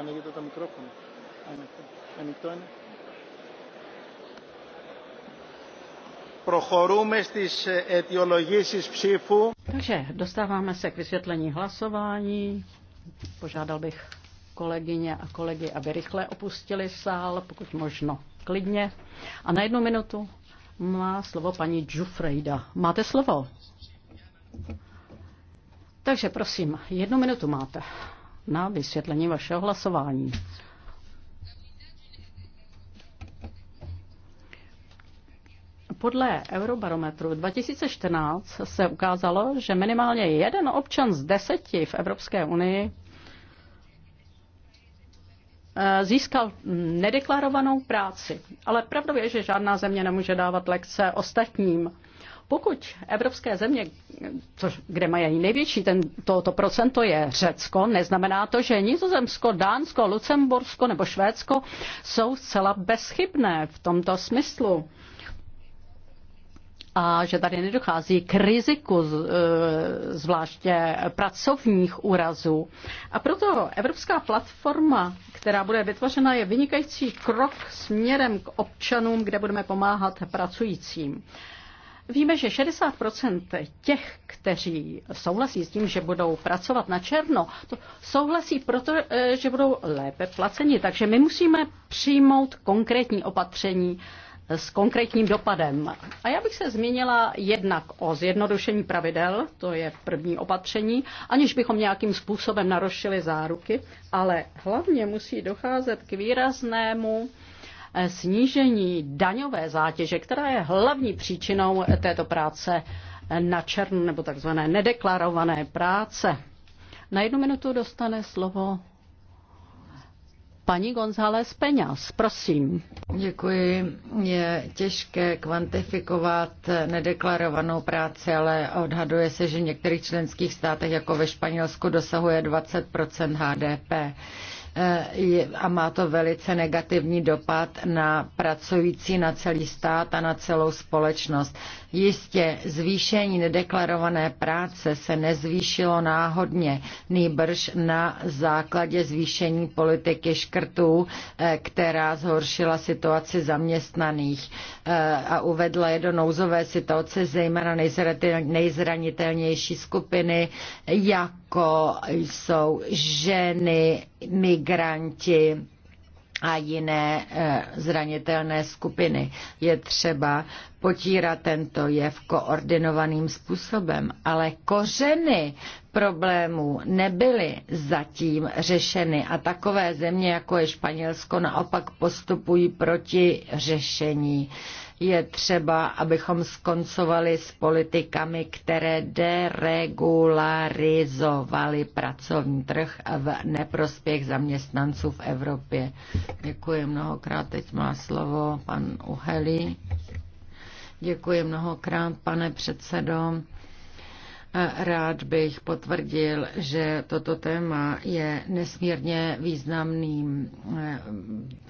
ανοίγετε το μικρόφωνο. Ανοιχτό. Ανοιχτό είναι. στις ψήφου. Eh, Takže dostáváme se k vysvětlení hlasování. Požádal bych kolegyně a kolegy, aby rychle opustili sál, pokud možno klidně. A na jednu minutu má slovo paní Jufrejda. Máte slovo? Takže prosím, jednu minutu máte na vysvětlení vašeho hlasování. Podle Eurobarometru 2014 se ukázalo, že minimálně jeden občan z deseti v Evropské unii eh, získal nedeklarovanou práci. Ale pravdou je, že žádná země nemůže dávat lekce ostatním. Pokud evropské země, což, kde mají největší ten, tohoto procento je Řecko, neznamená to, že Nizozemsko, Dánsko, Lucembursko nebo Švédsko jsou zcela bezchybné v tomto smyslu a že tady nedochází k riziku e, zvláště pracovních úrazů. A proto Evropská platforma, která bude vytvořena, je vynikající krok směrem k občanům, kde budeme pomáhat pracujícím. Víme, že 60 těch, kteří souhlasí s tím, že budou pracovat na černo, to souhlasí proto, eh, že budou lépe placeni. Takže my musíme přijmout konkrétní opatření s konkrétním dopadem. A já bych se zmínila jednak o zjednodušení pravidel, to je první opatření, aniž bychom nějakým způsobem narošili záruky, ale hlavně musí docházet k výraznému Eh, snížení daňové zátěže, která je hlavní příčinou této práce eh, na černo nebo takzvané nedeklarované práce. Na jednu minutu dostane slovo paní González Peňas. Prosím. Děkuji. Je těžké kvantifikovat nedeklarovanou práci, ale odhaduje se, že v některých členských státech, jako ve Španělsku, dosahuje 20 HDP. Eh, a má to velice negativní dopad na pracující, na celý stát a na celou společnost. Jistě zvýšení nedeklarované práce se nezvýšilo náhodně nýbrž na základě zvýšení politiky škrtů, eh, která zhoršila situaci zaměstnaných eh, a uvedla je do nouzové situace zejména nejzranitelnější skupiny, jako jsou ženy, migranti, a jiné eh, zranitelné skupiny. Je třeba potírat tento jev koordinovaným způsobem, ale kořeny problémů nebyly zatím řešeny a takové země, jako je Španělsko, naopak postupují proti řešení je třeba, abychom skoncovali s politikami, které deregularizovaly pracovní trh v neprospěch zaměstnanců v Evropě. Děkuji mnohokrát. Teď má slovo pan Uhelí. Děkuji mnohokrát, pane předsedo. Rád bych potvrdil, že toto téma je nesmírně významným eh,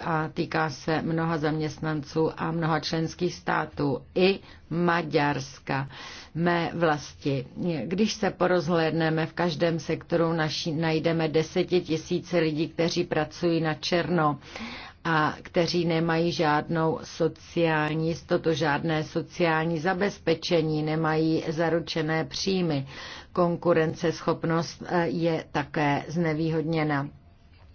a týká se mnoha zaměstnanců a mnoha členských států i Maďarska, mé vlasti. Když se porozhlédneme v každém sektoru, naší, najdeme desetitisíce lidí, kteří pracují na černo a kteří nemají žádnou sociální jistotu, žádné sociální zabezpečení, nemají zaručené příjmy. Konkurenceschopnost eh, je také znevýhodněna.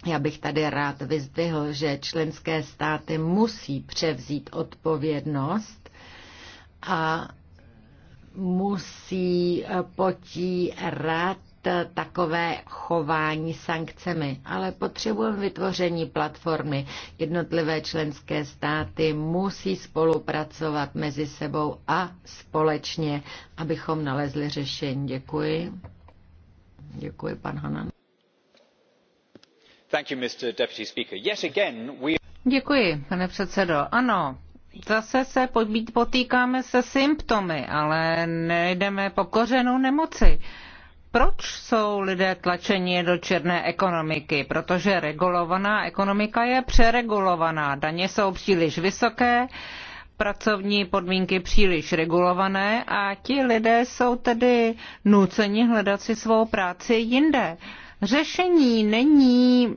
Já bych tady rád vyzdvihl, že členské státy musí převzít odpovědnost a musí eh, potírat Eh, takové chování sankcemi, ale potřebujeme vytvoření platformy. Jednotlivé členské státy musí spolupracovat mezi sebou a společně, abychom nalezli řešení. Děkuji. Děkuji, pan Hanan. Děkuji, pane předsedo. Ano, zase se potýkáme se symptomy, ale nejdeme po kořenu nemoci. Proč jsou lidé tlačeni do černé ekonomiky? Protože regulovaná ekonomika je přeregulovaná. Daně jsou příliš vysoké, pracovní podmínky příliš regulované a ti lidé jsou tedy nuceni hledat si svou práci jinde. Řešení není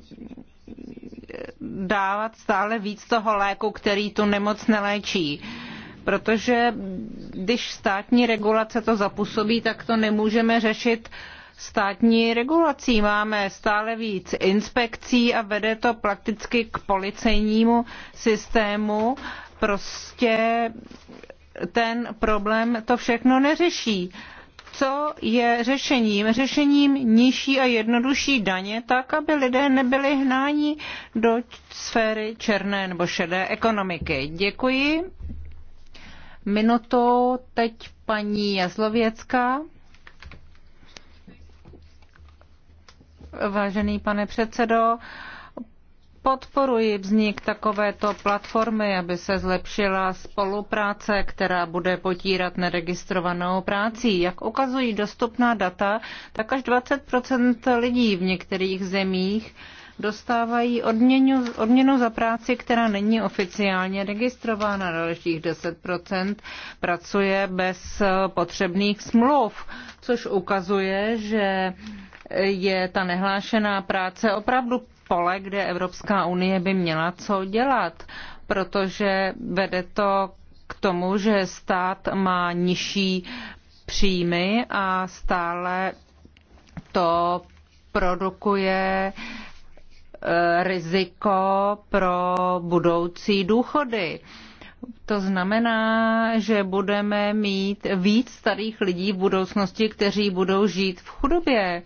dávat stále víc toho léku, který tu nemoc neléčí protože když státní regulace to zapůsobí, tak to nemůžeme řešit státní regulací. Máme stále víc inspekcí a vede to prakticky k policejnímu systému. Prostě ten problém to všechno neřeší. Co je řešením? Řešením nižší a jednodušší daně, tak aby lidé nebyli hnáni do sféry černé nebo šedé ekonomiky. Děkuji minutu. Teď paní Jazlověcká. Vážený pane předsedo, podporuji vznik takovéto platformy, aby se zlepšila spolupráce, která bude potírat neregistrovanou práci. Jak ukazují dostupná data, tak až 20 lidí v některých zemích dostávají odměnu, odměnu za práci, která není oficiálně registrována. Dalších 10% pracuje bez potřebných smluv, což ukazuje, že je ta nehlášená práce opravdu pole, kde Evropská unie by měla co dělat, protože vede to k tomu, že stát má nižší příjmy a stále to produkuje uh, Eh, riziko pro budoucí důchody. To znamená, že budeme mít víc starých lidí v budoucnosti, kteří budou žít v chudobě.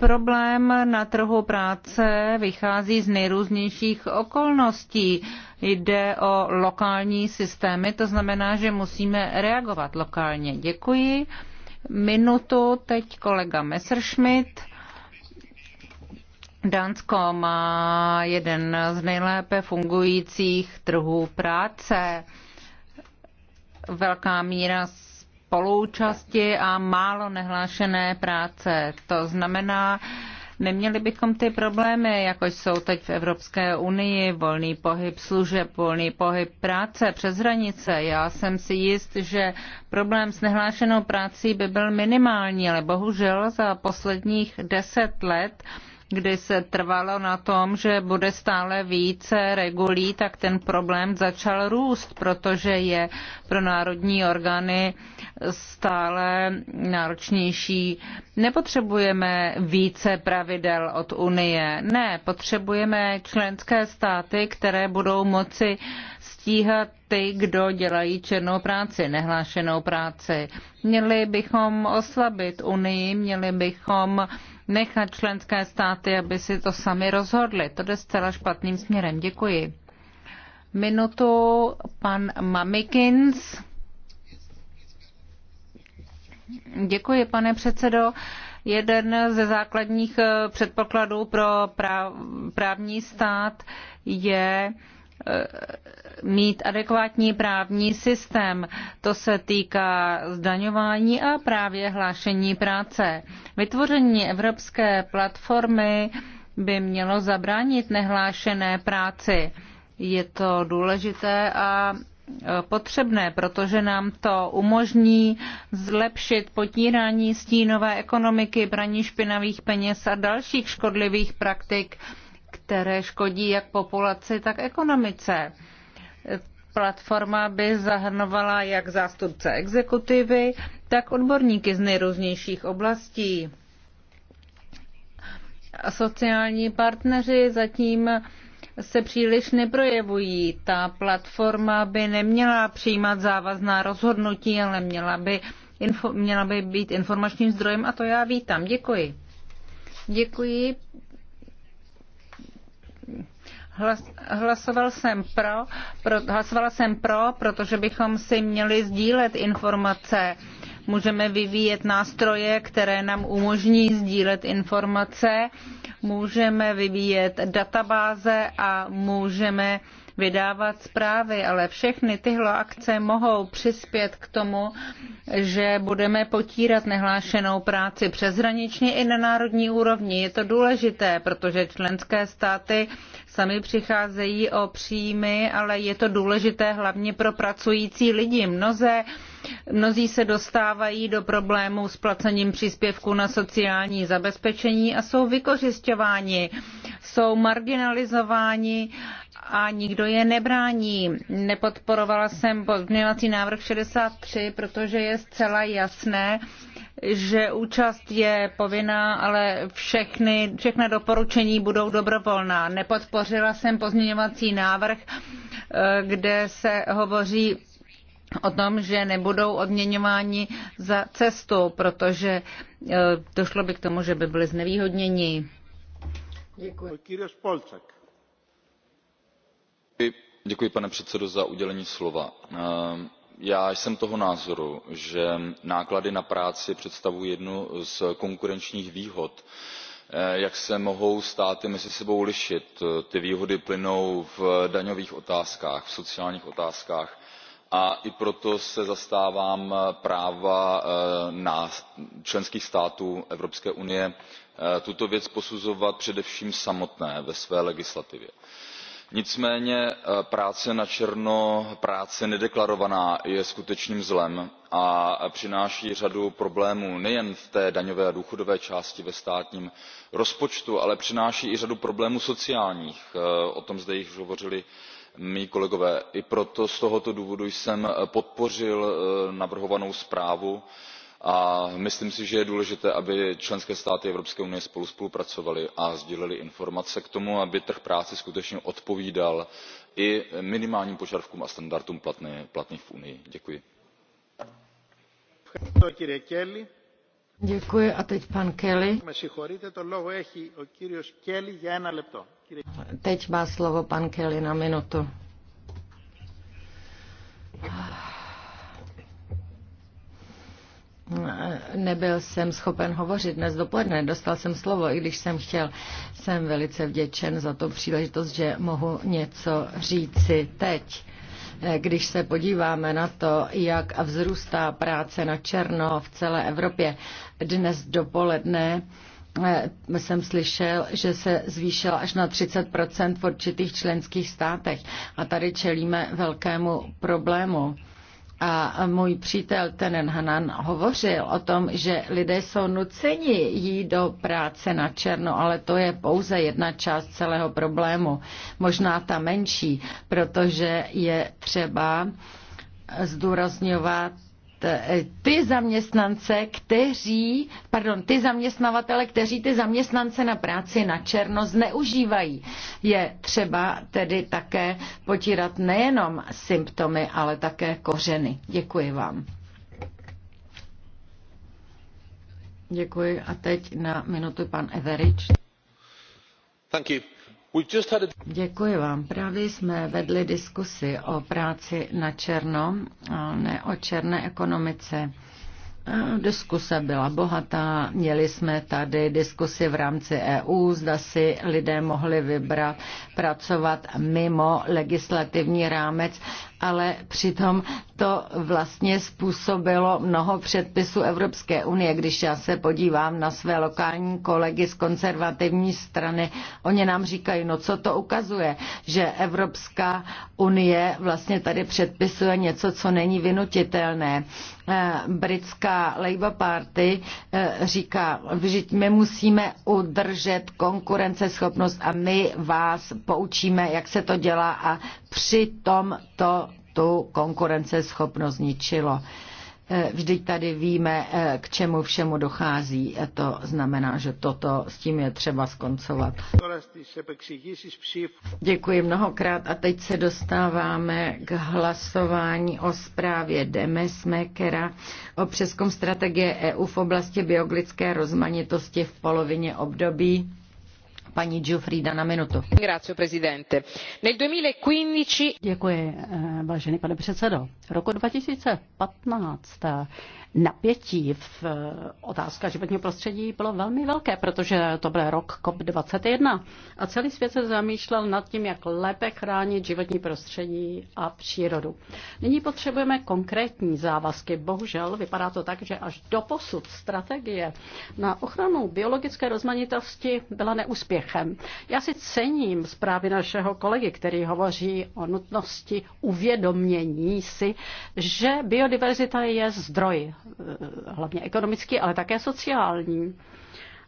Problém na trhu práce vychází z nejrůznějších okolností. Jde o lokální systémy, to znamená, že musíme reagovat lokálně. Děkuji. Minutu teď kolega Messerschmidt. Dánsko má jeden z nejlépe fungujících trhů práce. Velká míra spoluúčasti a málo nehlášené práce. To znamená, neměli bychom ty problémy, jako jsou teď v Evropské unii, volný pohyb služeb, volný pohyb práce přes hranice. Já jsem si jist, že problém s nehlášenou prací by byl minimální, ale bohužel za posledních deset let kdy se trvalo na tom, že bude stále více regulí, tak ten problém začal růst, protože je pro národní orgány stále náročnější. Nepotřebujeme více pravidel od Unie. Ne, potřebujeme členské státy, které budou moci stíhat ty, kdo dělají černou práci, nehlášenou práci. Měli bychom oslabit Unii, měli bychom uh, nechat členské státy, aby si to sami rozhodli. To jde zcela špatným směrem. Děkuji. Minutu pan Mamikins. Děkuji, pane předsedo. Jeden ze základních předpokladů pro právní stát je Eh, mít adekvátní právní systém. To se týká zdaňování a právě hlášení práce. Vytvoření evropské platformy by mělo zabránit nehlášené práci. Je to důležité a eh, potřebné, protože nám to umožní zlepšit potírání stínové ekonomiky, braní špinavých peněz a dalších škodlivých praktik, které škodí jak populaci, tak ekonomice. Platforma by zahrnovala jak zástupce exekutivy, tak odborníky z nejrůznějších oblastí. A sociální partneři zatím se příliš neprojevují. Ta platforma by neměla přijímat závazná rozhodnutí, ale měla by, info, měla by být informačním zdrojem a to já vítám. Děkuji. Děkuji. Hlas, hlasoval jsem pro, pro, hlasovala jsem pro, protože bychom si měli sdílet informace Můžeme vyvíjet nástroje, které nám umožní sdílet informace, můžeme vyvíjet databáze a můžeme vydávat zprávy, ale všechny tyhle akce mohou přispět k tomu, že budeme potírat nehlášenou práci přeshraničně i na národní úrovni. Je to důležité, protože členské státy sami přicházejí o příjmy, ale je to důležité hlavně pro pracující lidi. Mnoze Mnozí se dostávají do problémů s placením příspěvků na sociální zabezpečení a jsou vykořišťováni, jsou marginalizováni a nikdo je nebrání. Nepodporovala jsem pozměňovací návrh 63, protože je zcela jasné, že účast je povinná, ale všechny, všechna doporučení budou dobrovolná. Nepodpořila jsem pozměňovací návrh, eh, kde se hovoří o tom, že nebudou odměňováni za cestu, protože e, došlo by k tomu, že by byli znevýhodněni. Děkuji. Děkuji, pane předsedo, za udělení slova. E, já jsem toho názoru, že náklady na práci představují jednu z konkurenčních výhod e, jak se mohou státy mezi sebou lišit. ty výhody plynou v daňových otázkách v sociálních otázkách a i proto se zastávám eh, práva eh, členských států evropské unie eh, tuto věc posuzovat především samotné ve své legislativě. nicméně práce načerno práce nedeklarovaná je skutečným zlem a přináší řadu problémů nejen v té daňové a důchodové části ve státním rozpočtu ale přináší i řadu problémů sociálních o tom zde již hovořili mí kolegové. i proto z tohoto důvodu jsem eh, podpořil eh, navrhovanou zprávu a myslím si že je důležité aby členské státy evropské unie spolu spolupracovaly a sdílely informace k tomu aby trh práce skutečně odpovídal i minimálním požadavkům a standardům platným v unii. děkuji. Děkuji a teď pan Kelly. Teď má slovo pan Kelly na minutu. Nebyl jsem schopen hovořit dnes dopoledne, dostal jsem slovo, i když jsem chtěl. Jsem velice vděčen za to příležitost, že mohu něco říci teď když se podíváme na to, jak vzrůstá práce na černo v celé Evropě dnes dopoledne, eh, jsem slyšel, že se zvýšila až na 30 v určitých členských státech. A tady čelíme velkému problému a můj přítel Tenen Hanan hovořil o tom, že lidé jsou nuceni jít do práce na černo, ale to je pouze jedna část celého problému, možná ta menší, protože je třeba zdůrazňovat E, ty zaměstnance, kteří, pardon, ty zaměstnavatele, kteří ty zaměstnance na práci na černo zneužívají. Je třeba tedy také potírat nejenom symptomy, ale také kořeny. Děkuji vám. Děkuji a teď na minutu pan Everič. Thank you. Děkuji vám. Právě jsme vedli diskusi o práci na černo, ne o černé ekonomice. Diskuse byla bohatá, měli jsme tady diskusy v rámci EU, zda si lidé mohli vybrat pracovat mimo legislativní rámec ale přitom to vlastně způsobilo mnoho předpisů Evropské unie. Když já se podívám na své lokální kolegy z konzervativní strany, oni nám říkají, no co to ukazuje, že Evropská unie vlastně tady předpisuje něco, co není vynutitelné. Eh, britská Labour Party eh, říká, že my musíme udržet konkurenceschopnost a my vás poučíme, jak se to dělá a přitom to tu konkurenceschopnost zničilo. Eh, vždyť tady víme, eh, k čemu všemu dochází. Eh, to znamená, že toto s tím je třeba skoncovat. Děkuji mnohokrát a teď se dostáváme k hlasování o zprávě Demesmekera o přeskom strategie EU v oblasti bioglické rozmanitosti v polovině období paní Giuffrida na minutu. Děkuji, eh, vážený pane předsedo. Roku 2015 eh, napětí v eh, otázka životního prostředí bylo velmi velké, protože to byl rok COP21 a celý svět se zamýšlel nad tím, jak lépe chránit životní prostředí a přírodu. Nyní potřebujeme konkrétní závazky. Bohužel vypadá to tak, že až do posud strategie na ochranu biologické rozmanitosti byla neúspěch úspěchem. Já si cením zprávy našeho kolegy, který hovoří o nutnosti uvědomění si, že biodiverzita je zdroj, eh, hlavně ekonomický, ale také sociální.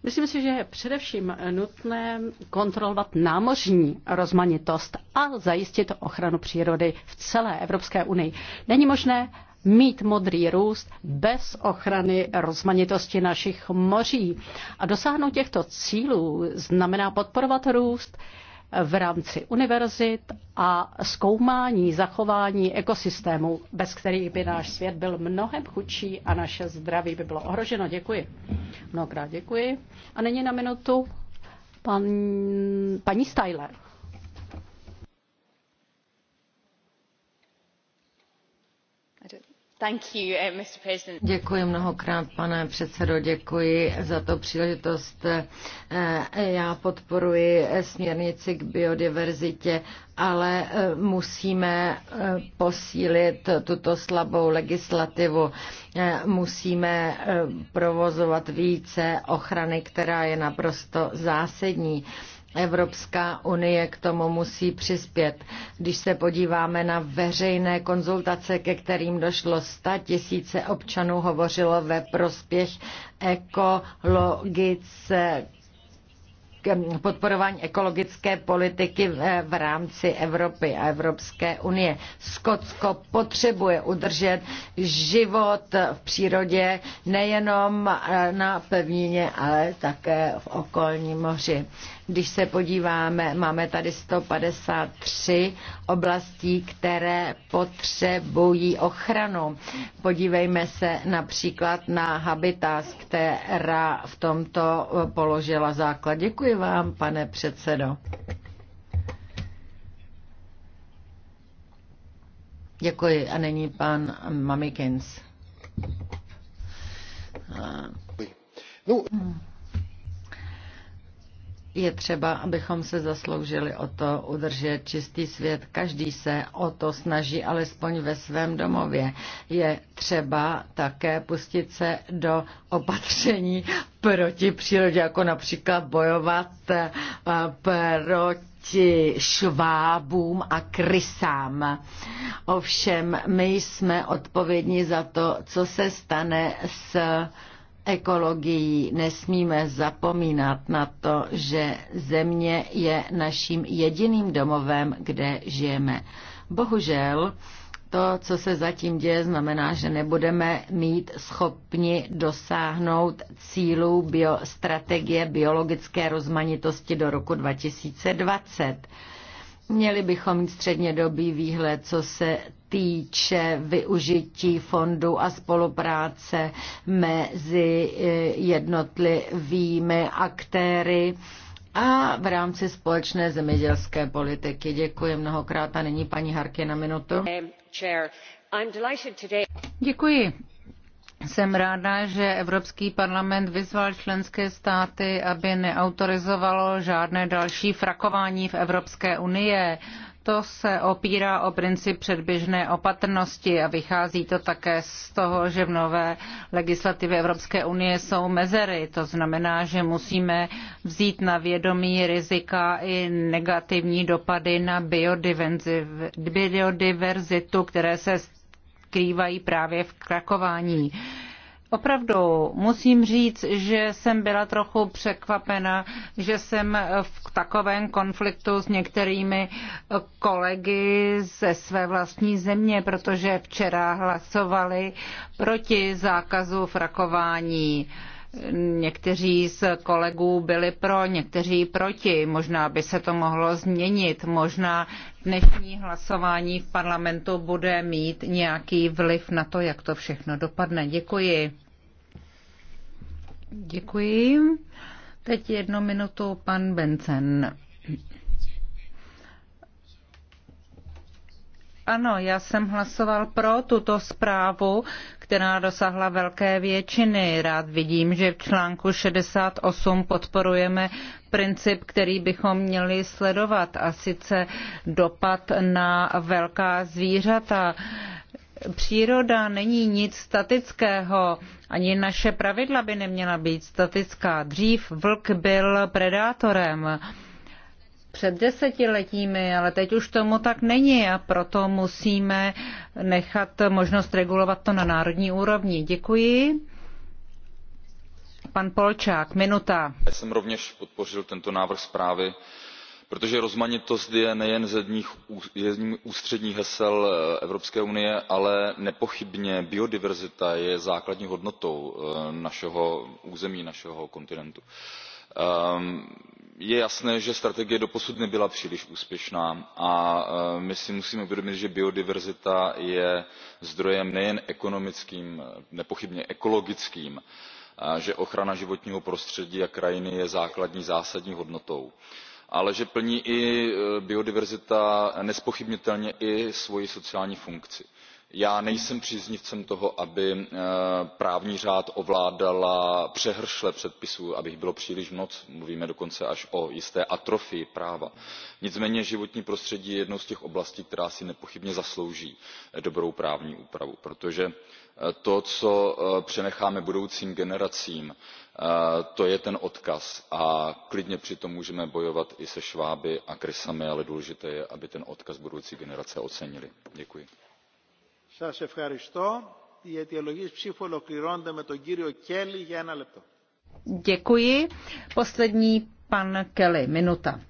Myslím si, že je především nutné kontrolovat námořní rozmanitost a zajistit ochranu přírody v celé Evropské unii. Není možné mít modrý růst bez ochrany rozmanitosti našich moří. A dosáhnout těchto cílů znamená podporovat růst v rámci univerzit a zkoumání zachování ekosystémů, bez kterých by náš svět byl mnohem chudší a naše zdraví by bylo ohroženo. Děkuji. Mnohokrát děkuji. A není na minutu pan, paní Styler. Uh, děkuji mnohokrát, pane předsedo, děkuji za to příležitost. Eh, já podporuji směrnici k biodiverzitě, ale eh, musíme eh, posílit tuto slabou legislativu. Musíme provozovat více ochrany, která je naprosto zásadní. Evropská unie k tomu musí přispět. Když se podíváme na veřejné konzultace, ke kterým došlo 100 tisíce občanů, hovořilo ve prospěch ekologické podporování ekologické politiky v rámci Evropy a Evropské unie. Skotsko potřebuje udržet život v přírodě nejenom eh, na pevnině, ale také v okolním moři. Když se podíváme, máme tady 153 oblastí, které potřebují ochranu. Podívejme se například na Habitas, která v tomto položila základ. Děkuji vám, pane předsedo. Děkuji. A není pan Mamikins. No. Hmm. Je třeba, abychom se zasloužili o to udržet čistý svět. Každý se o to snaží, alespoň ve svém domově. Je třeba také pustit se do opatření proti přírodě, jako například bojovat eh, proti švábům a krysám. Ovšem, my jsme odpovědní za to, co se stane s ekologií nesmíme zapomínat na to, že země je naším jediným domovem, kde žijeme. Bohužel, to, co se zatím děje, znamená, že nebudeme mít schopni dosáhnout cílů bio, strategie biologické rozmanitosti do roku 2020. Měli bychom mít střednědobý výhled, co se týče využití fondů a spolupráce mezi eh, jednotlivými aktéry a v rámci společné zemědělské politiky. Děkuji mnohokrát a nyní paní Harky na minutu. Děkuji. Jsem ráda, že Evropský parlament vyzval členské státy, aby neautorizovalo žádné další frakování v Evropské unii to se opírá o princip předběžné opatrnosti a vychází to také z toho, že v nové legislativě Evropské unie jsou mezery. To znamená, že musíme vzít na vědomí rizika i negativní dopady na biodiverzitu, které se skrývají právě v krakování Opravdu musím říct, že jsem byla trochu překvapena, že jsem v takovém konfliktu s některými kolegy ze své vlastní země, protože včera hlasovali proti zákazu frakování. Někteří z kolegů byli pro, někteří proti. Možná by se to mohlo změnit. Možná dnešní hlasování v parlamentu bude mít nějaký vliv na to, jak to všechno dopadne. Děkuji. Děkuji. Teď jednu minutu pan Bencen. Ano, já jsem hlasoval pro tuto zprávu, která dosáhla velké většiny. Rád vidím, že v článku 68 podporujeme princip, který bychom měli sledovat, a sice dopad na velká zvířata. Příroda není nic statického, ani naše pravidla by neměla být statická. Dřív vlk byl predátorem před desetiletími, ale teď už tomu tak není a proto musíme uh, nechat možnost regulovat to na národní úrovni. Děkuji. Pan Polčák, minuta. Já jsem rovněž podpořil tento návrh zprávy, protože rozmanitost je nejen z jedních, jedním ústředních hesel eh, Evropské unie, ale nepochybně biodiverzita je základní hodnotou eh, našeho území, našeho kontinentu. Um, je jasné že strategie doposud nebyla příliš úspěšná a e, my si musíme uvědomit že biodiverzita je zdrojem nejen ekonomickým nepochybně ekologickým e, že ochrana životního prostředí a krajiny je základní zásadní hodnotou ale že e, biodiverzita nezpochybnitelně plní i svoji sociální funkci já nejsem příznivcem toho aby eh, právní řád ovládala přehršle předpisů aby jich bylo příliš moc mluvíme dokonce až o jisté atrofii práva. nicméně životní prostředí je jednou z těch oblastí která si nepochybně zaslouží dobrou právní úpravu protože eh, to co eh, přenecháme budoucím generacím to je ten odkaz a klidně přitom můžeme bojovat i se šváby a krysami ale důležité je aby ten odkaz budoucí generace ocenily. děkuji. Σας ευχαριστώ. Οι αιτιολογίες ψήφου ολοκληρώνονται με τον κύριο Κέλλη για ένα λεπτό. Děkuji. Poslední pan Kelly, minuta.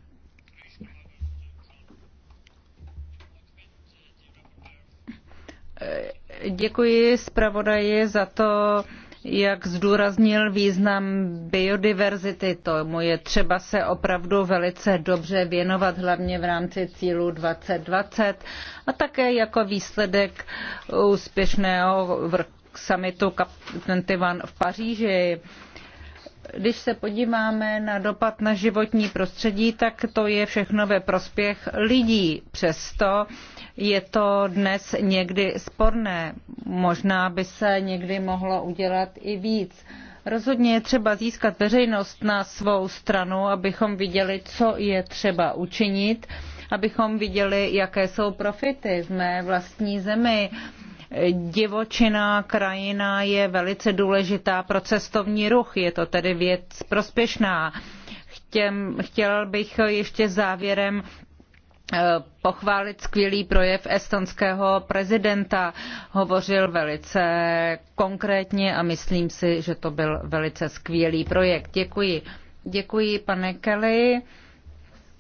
Děkuji zpravodaji za to, jak zdůraznil význam biodiverzity. Tomu je třeba se opravdu velice dobře věnovat, hlavně v rámci cílu 2020 a také jako výsledek úspěšného summitu COP21 v Paříži. Když se podíváme na dopad na životní prostředí, tak to je všechno ve prospěch lidí. Přesto je to dnes někdy sporné. Možná by se někdy mohlo udělat i víc. Rozhodně je třeba získat veřejnost na svou stranu, abychom viděli, co je třeba učinit, abychom viděli, jaké jsou profity v mé vlastní zemi divočina, krajina je velice důležitá pro cestovní ruch, je to tedy věc prospěšná. Chtěm, chtěl bych ještě závěrem eh, pochválit skvělý projev estonského prezidenta. Hovořil velice konkrétně a myslím si, že to byl velice skvělý projekt. Děkuji. Děkuji, pane Kelly.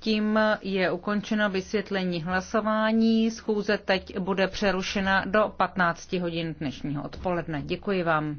Tím je ukončeno vysvětlení hlasování. Schůze teď bude přerušena do 15 hodin dnešního odpoledne. Děkuji vám.